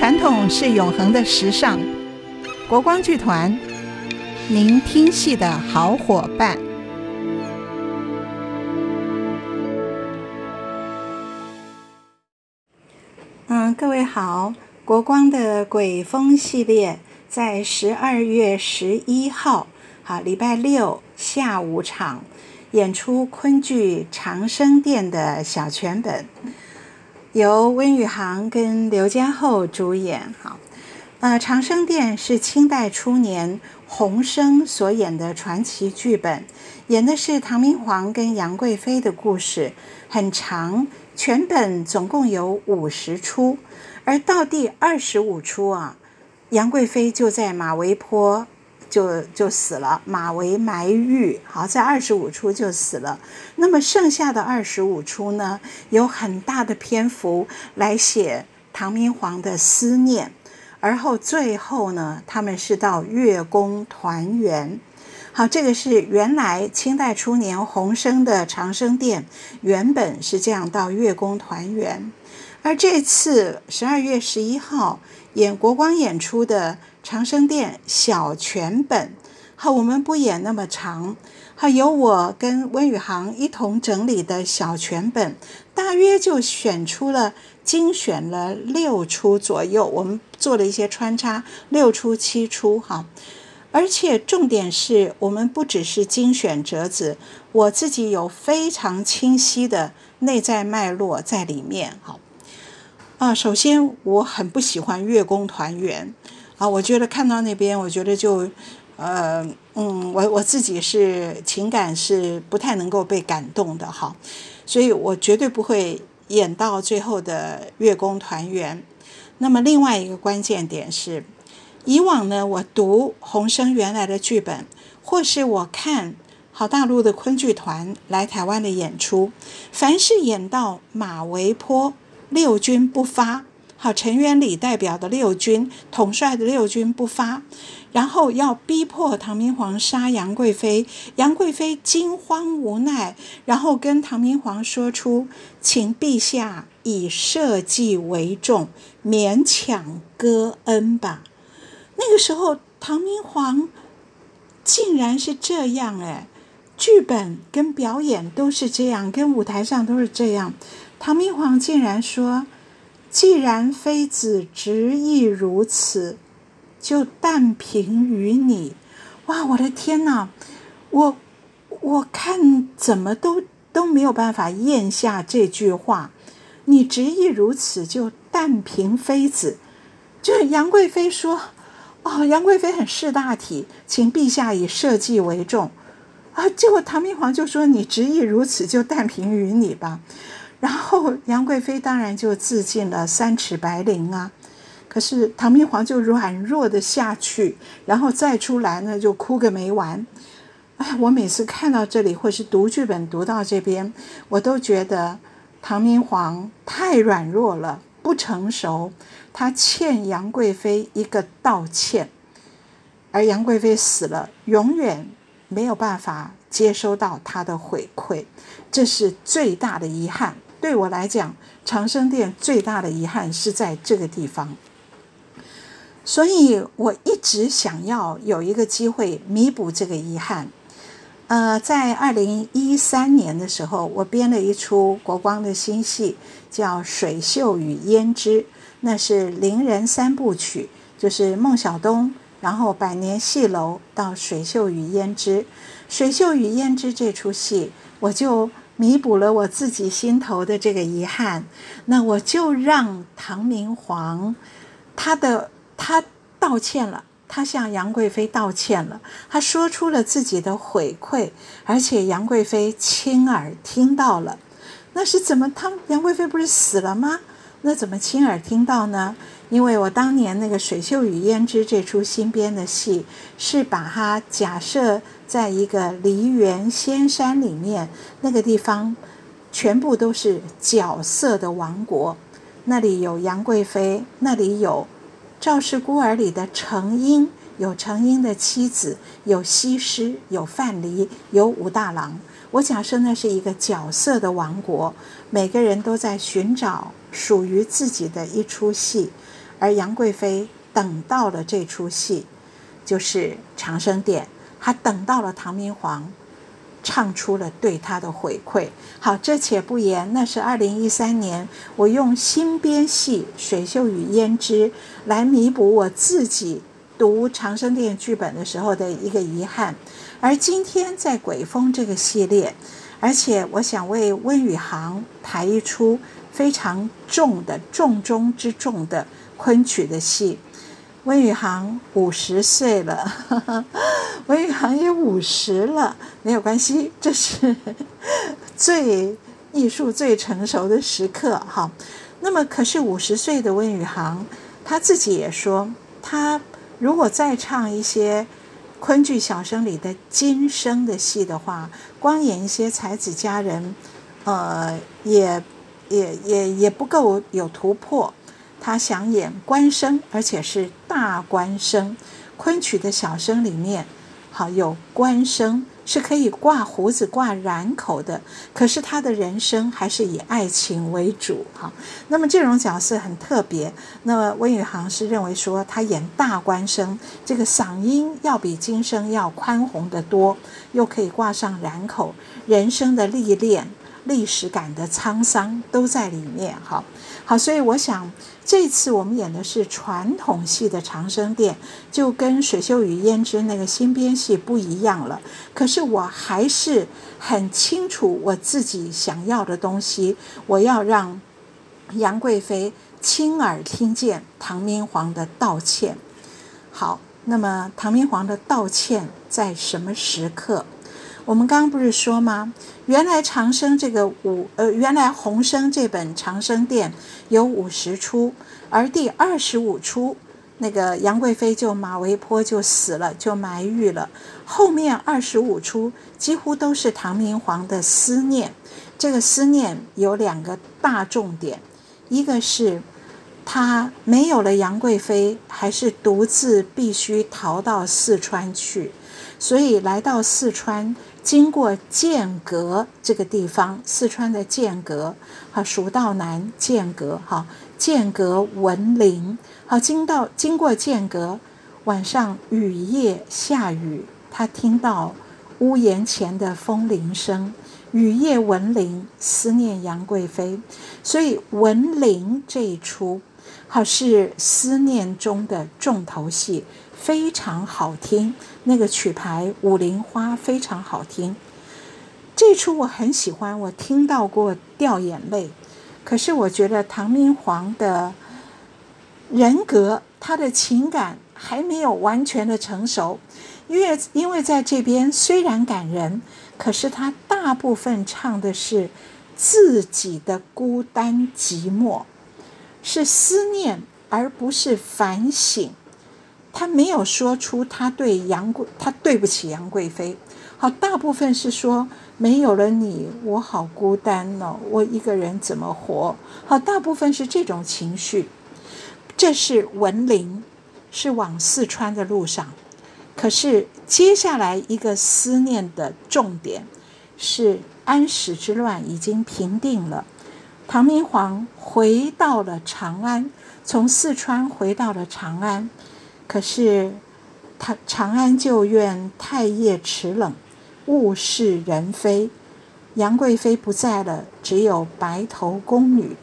傳統是永恆的時尚，國光劇團，您聽戲的好夥伴。嗯，各位好，國光的鬼風系列在十二月十一號，好，禮拜六下午場演出崑劇《長生殿》的小全本。由溫宇航跟劉嘉厚主演，好，呃，《長生殿》是清代初年洪昇所演的傳奇劇本，演的是唐明皇跟楊貴妃的故事，很長，全本總共有五十出，而到第二十五出啊，楊貴妃就在馬嵬坡。就就死了，馬嵬埋玉，好，在二十五出就死了。那麼剩下的二十五出呢，有很大的篇幅來寫唐明皇的思念。而後最後呢，他們是到月宮團圓。好，這個是原來清代初年洪昇的《長生殿》，原本是這樣到月宮團圓。而這次十二月十一號演國光演出的《長生殿》小全本，好，我們不演那麼長，好，由我跟溫宇航一同整理的小全本，大約就選出了精選了六出左右，我們做了一些穿插，六出七出哈，而且重點是我們不只是精選折子，我自己有非常清晰的內在脈絡在裡面，好。啊、呃，首先我很不喜歡月宮團圓，啊，我覺得看到那邊，我覺得就，呃，嗯，我我自己是情感是不太能夠被感動的哈，所以我絕對不會演到最後的月宮團圓。那麼另外一個關鍵點是，以往呢，我讀洪昇原來的劇本，或是我看好大陸的崑劇團來台灣的演出，凡是演到馬嵬坡。六軍不發，好，陳元禮代表的六軍，統帥的六軍不發，然後要逼迫唐明皇殺楊貴妃。楊貴妃驚慌無奈，然後跟唐明皇說出：“請陛下以社稷為重，勉強割恩吧。”那個時候，唐明皇竟然是這樣誒、欸，劇本跟表演都是這樣，跟舞台上都是這樣。唐明皇竟然說：“既然妃子執意如此，就但憑於你。”哇，我的天哪！我我看怎麼都都沒有辦法嚥下這句話。你執意如此，就但憑妃子。就是楊貴妃說：“哦，楊貴妃很識大體，請陛下以社稷為重。”啊，結果唐明皇就說：“你執意如此，就但憑於你吧。”然後楊貴妃當然就自盡了，三尺白綾啊！可是唐明皇就軟弱的下去，然後再出來呢，就哭個沒完。哎，我每次看到這裡或是讀劇本讀到這邊，我都覺得唐明皇太軟弱了，不成熟。他欠楊貴妃一個道歉，而楊貴妃死了，永遠沒有辦法接收到他的回饋，這是最大的遺憾。對我來講，長生殿最大的遺憾是在這個地方，所以我一直想要有一個機會彌補這個遺憾。呃，在二零一三年的時候，我編了一出國光的新戲，叫《水袖與胭脂》，那是伶人三部曲，就是孟小冬，然後百年戲樓到《水袖與胭脂》，《水袖與胭脂》這出戲，我就彌補了我自己心頭的這個遺憾，那我就讓唐明皇，他的他道歉了，他向楊貴妃道歉了，他說出了自己的悔愧，而且楊貴妃親耳聽到了。那是怎麼？他楊貴妃不是死了嗎？那怎麼親耳聽到呢？因為我當年那個《水袖與胭脂》這出新編的戲，是把它假設在一個梨園仙山裡面，那個地方，全部都是角色的王國。那裡有楊貴妃，那裡有《趙氏孤兒》裡的程嬰，有程嬰的妻子，有西施，有范蠡，有武大郎。我假設那是一個角色的王國，每個人都在尋找屬於自己的一出戲。而楊貴妃等到了這出戲，就是《長生殿》，她等到了唐明皇，唱出了對她的回饋。好，這且不言，那是二零一三年，我用新編戲《水袖與胭脂》來彌補我自己讀《長生殿》劇本的時候的一個遺憾。而今天在《鬼瘋》這個系列，而且我想為溫宇航排一出非常重的重中之重的。崑曲的戲，溫宇航五十歲了哈哈，溫宇航也五十了，沒有關係，這是最藝術最成熟的時刻哈。那麼，可是五十歲的溫宇航他自己也說，他如果再唱一些崑劇小生裡的巾生的戲的話，光演一些才子佳人，呃，也也也也不夠有突破。他想演官生，而且是大官生。崑曲的小生裡面，好，有官生是可以掛鬍子、掛髯口的。可是他的人生還是以愛情為主，哈。那麼這種角色很特別。那麼溫宇航是認為說，他演大官生，這個嗓音要比巾生要寬宏得多，又可以掛上髯口，人生的歷練歷史感的滄桑都在裡面，好好，所以我想這次我們演的是傳統戲的《長生殿》，就跟《水袖與胭脂》那個新編戲不一樣了。可是我還是很清楚我自己想要的東西，我要讓楊貴妃親耳聽見唐明皇的道歉。好，那麼唐明皇的道歉在什麼時刻？我們剛剛不是說嗎？原來長生這個五，呃，原來洪昇這本《長生殿》有五十齣，而第二十五齣，那個楊貴妃就馬嵬坡就死了，就埋玉了。後面二十五齣幾乎都是唐明皇的思念。這個思念有兩個大重點，一個是他沒有了楊貴妃，還是獨自必須逃到四川去，所以來到四川。經過劍閣這個地方，四川的劍閣，好，《蜀道難》劍閣，好，劍閣聞鈴，好，經到，經過劍閣，晚上雨夜下雨，他聽到屋檐前的風鈴聲，雨夜聞鈴，思念楊貴妃，所以聞鈴這一出，好，是思念中的重頭戲，非常好聽。那個曲牌《武陵花》非常好聽，這一齣我很喜歡，我聽到過掉眼淚。可是我覺得唐明皇的人格，他的情感還沒有完全的成熟，因為因為在這邊雖然感人，可是他大部分唱的是自己的孤單寂寞，是思念而不是反省。他沒有說出他對楊貴，他對不起楊貴妃。好，大部分是說沒有了你，我好孤單哦，我一個人怎麼活？好，大部分是這種情緒。這是聞鈴，是往四川的路上。可是接下來一個思念的重點是安史之亂已經平定了，唐明皇回到了長安，從四川回到了長安。可是，他長安舊院太液池冷，物是人非。楊貴妃不在了，只有白頭宮女。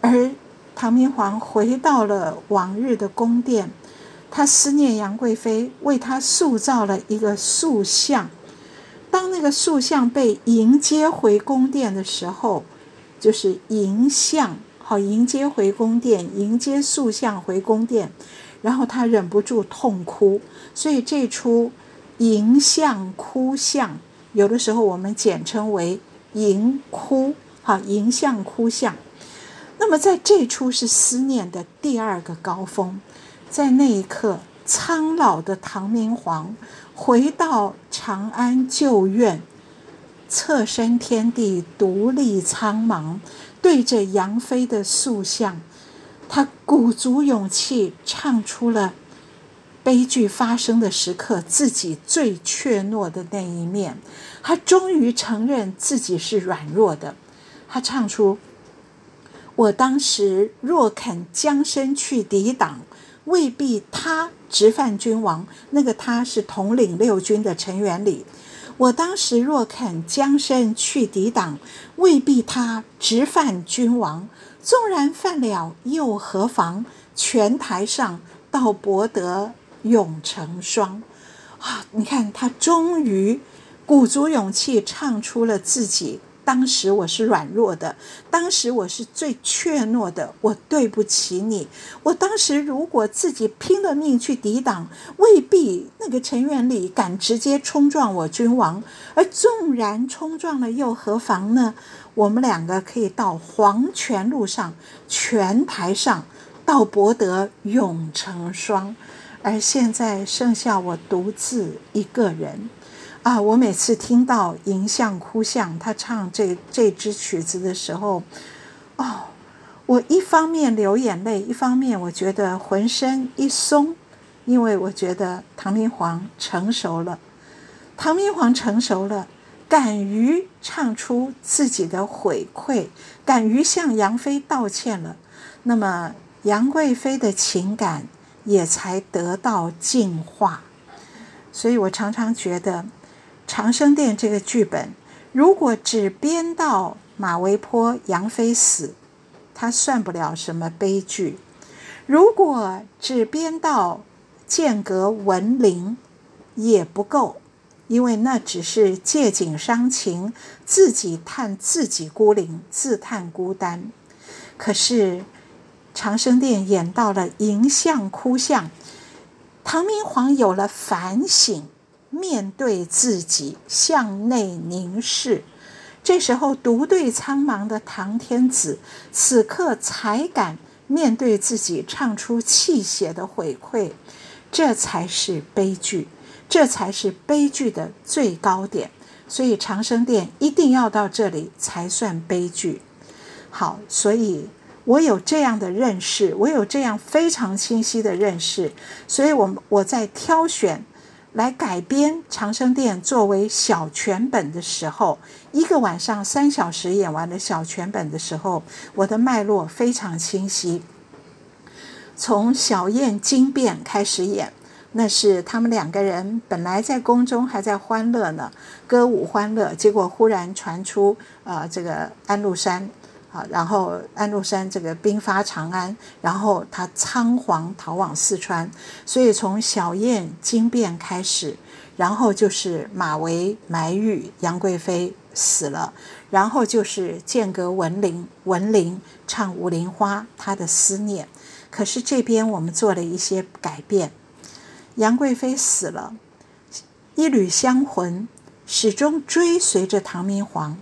而唐明皇回到了往日的宮殿，他思念楊貴妃，為她塑造了一個塑像。當那個塑像被迎接回宮殿的時候，就是迎像，好迎接回宮殿，迎接塑像回宮殿。然後他忍不住痛哭，所以這齣《迎像哭像》，有的時候我們簡稱為《迎哭》哈，《迎像哭像》。那麼在這齣是思念的第二個高峰，在那一刻，蒼老的唐明皇回到長安舊院，側身天地，獨立蒼茫，對着楊妃的塑像。他鼓足勇氣唱出了悲劇發生的時刻，自己最怯懦的那一面。他終於承認自己是軟弱的。他唱出：“我當時若肯將身去抵擋，未必他直犯君王。那個他是統領六軍的陳元禮，我當時若肯將身去抵擋，未必他直犯君王。”縱然犯了又何妨？泉臺上，倒博得永成雙。啊，你看他終於鼓足勇氣唱出了自己。當時我是軟弱的，當時我是最怯懦的。我對不起你。我當時如果自己拼了命去抵擋，未必那個陳元禮敢直接衝撞我君王。而縱然衝撞了又何妨呢？我們兩個可以到黃泉路上，泉臺上，到博得永成雙，而現在剩下我獨自一個人，啊！我每次聽到迎像哭像他唱這這支曲子的時候，哦，我一方面流眼淚，一方面我覺得渾身一鬆，因為我覺得唐明皇成熟了，唐明皇成熟了。敢於唱出自己的悔愧，敢於向楊妃道歉了，那麼楊貴妃的情感也才得到淨化。所以我常常覺得，《長生殿》這個劇本，如果只編到馬嵬坡楊妃死，他算不了什麼悲劇；如果只編到劍閣聞鈴，也不夠。因為那只是借景傷情，自己嘆自己孤零，自嘆孤單。可是《長生殿》演到了迎像哭像，唐明皇有了反省，面對自己，向內凝視。這時候獨對蒼茫的唐天子，此刻才敢面對自己，唱出泣血的悔愧。這才是悲劇。這才是悲劇的最高點，所以《長生殿》一定要到這裡才算悲劇。好，所以我有這樣的認識，我有這樣非常清晰的認識，所以我我在挑選來改編《長生殿》作為小全本的時候，一個晚上三小時演完了小全本的時候，我的脈絡非常清晰，從小宴驚變開始演。那是他們兩個人本來在宮中還在歡樂呢，歌舞歡樂，結果忽然傳出啊、呃，這個安祿山，啊，然後安祿山這個兵发長安，然後他倉皇逃往四川，所以從小宴驚變開始，然後就是馬嵬埋玉，楊貴妃死了，然後就是劍閣聞鈴，聞鈴唱《武陵花》他的思念，可是這邊我們做了一些改變。楊貴妃死了，一縷香魂始終追隨着唐明皇，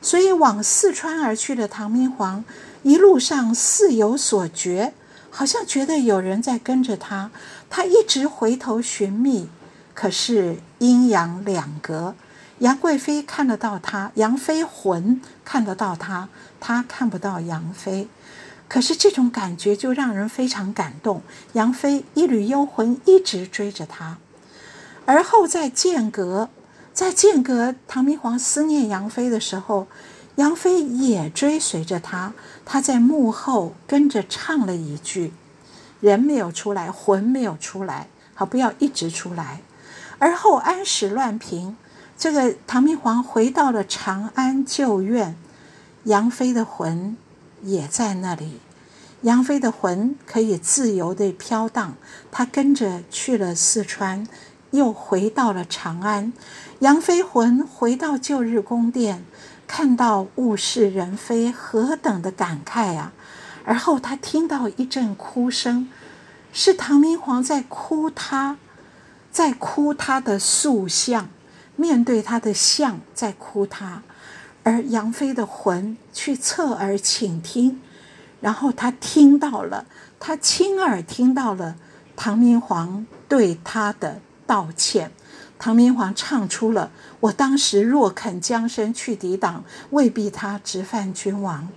所以往四川而去的唐明皇一路上似有所覺，好像覺得有人在跟着他，他一直回頭尋覓，可是陰陽兩隔，楊貴妃看得到他，楊妃魂看得到他，他看不到楊妃。可是這種感覺就讓人非常感動。楊妃一縷幽魂一直追着他，而後在劍閣，在劍閣。唐明皇思念楊妃的時候，楊妃也追隨着他。他在幕後跟着唱了一句：“人沒有出來，魂沒有出來，好，不要一直出來。”而後安史亂平，這個唐明皇回到了長安舊院，楊妃的魂也在那裡，楊妃的魂可以自由地飄蕩。他跟着去了四川，又回到了長安。楊妃魂回到舊日宮殿，看到物是人非，何等的感慨啊！而後他聽到一陣哭聲，是唐明皇在哭他，在哭他的塑像，面對他的像在哭他。而楊妃的魂去側耳傾聽，然後他聽到了，他親耳聽到了唐明皇對他的道歉。唐明皇唱出了：“我當時若肯將身去抵擋，未必他直犯君王。”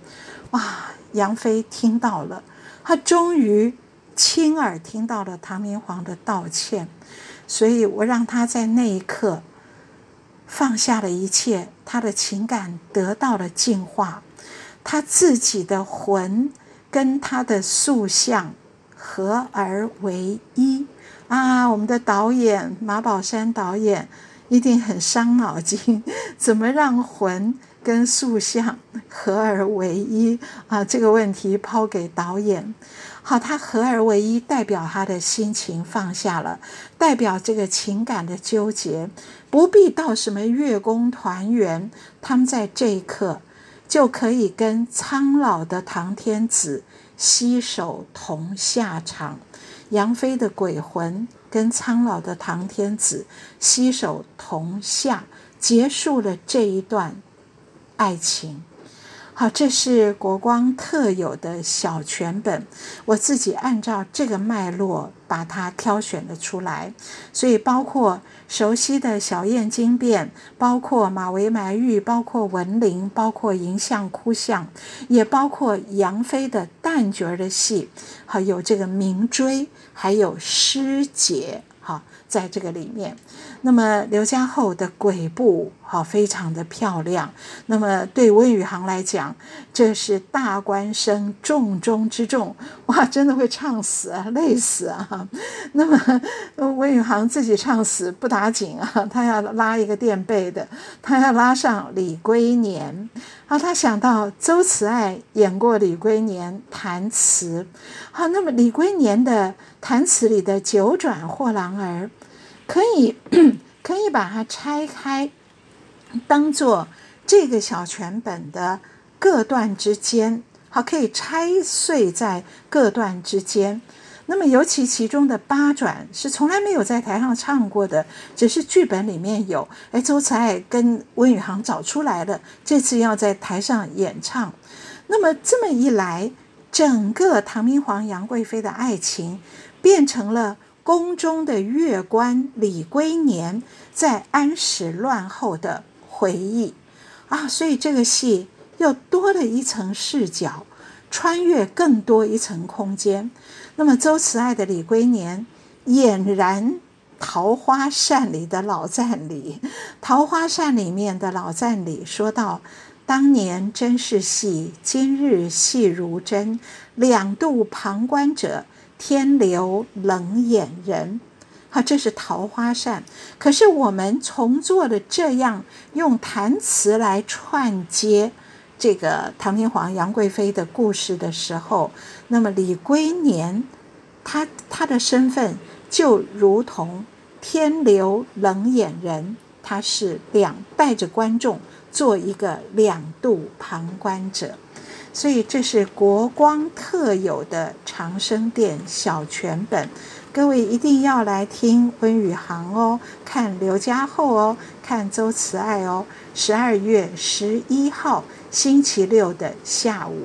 哇！楊妃聽到了，他終於親耳聽到了唐明皇的道歉。所以，我讓他在那一刻。放下了一切，他的情感得到了淨化，他自己的魂跟他的塑像合而為一啊！我們的導演馬寶山導演一定很傷腦筋，怎麼讓魂跟塑像合而為一啊？這個問題拋給導演。好，他合而為一，代表他的心情放下了，代表這個情感的糾結。不必到什麼月宮團圓，他們在這一刻就可以跟蒼老的唐天子攜手同下場，楊妃的鬼魂跟蒼老的唐天子攜手同下，結束了這一段愛情。好，這是國光特有的小全本，我自己按照這個脈絡，把它挑選了出來，所以包括熟悉的小宴驚變，包括馬嵬埋玉，包括聞鈴，包括迎像哭像，也包括楊妃的旦角的戲，還有這個冥追，還有屍解。哈，在這個裡面，那麼劉家後的鬼步。好，非常的漂亮。那麼對溫宇航來講，這是大官生重中之重哇！真的會唱死啊，累死啊。那麼溫宇航自己唱死不打緊啊，他要拉一個墊背的，他要拉上李龜年。好，他想到鄒慈愛演過李龜年彈詞。好，那麼李龜年的彈詞裡的《九轉貨郎兒》，可以，可以把它拆開。當作這個小全本的各段之間，好，可以拆碎在各段之間。那麼，尤其其中的八轉是從來沒有在台上唱過的，只是劇本裡面有。哎，周慈愛跟溫宇航找出來了，這次要在台上演唱。那麼，這麼一來，整個唐明皇楊貴妃的愛情變成了宮中的樂官李龜年在安史亂後的回憶，啊，所以這個戲又多了一層視角，穿越更多一層空間。那麼周慈愛的李龜年，儼然桃花扇裡的老贊禮，桃花扇裡面的老贊禮說道：“當年真是戲，今日戲如真。兩度旁觀者，天留冷眼人。”啊，這是桃花扇。可是我們從做了這樣用彈詞來串接這個唐明皇、楊貴妃的故事的時候，那麼李龜年，他他的身份就如同天留冷眼人，他是兩帶着觀眾做一個兩度旁觀者。所以這是國光特有的長生殿小全本。各位一定要來聽溫宇航哦，看劉珈後哦，看周慈愛哦。十二月十一號星期六的下午。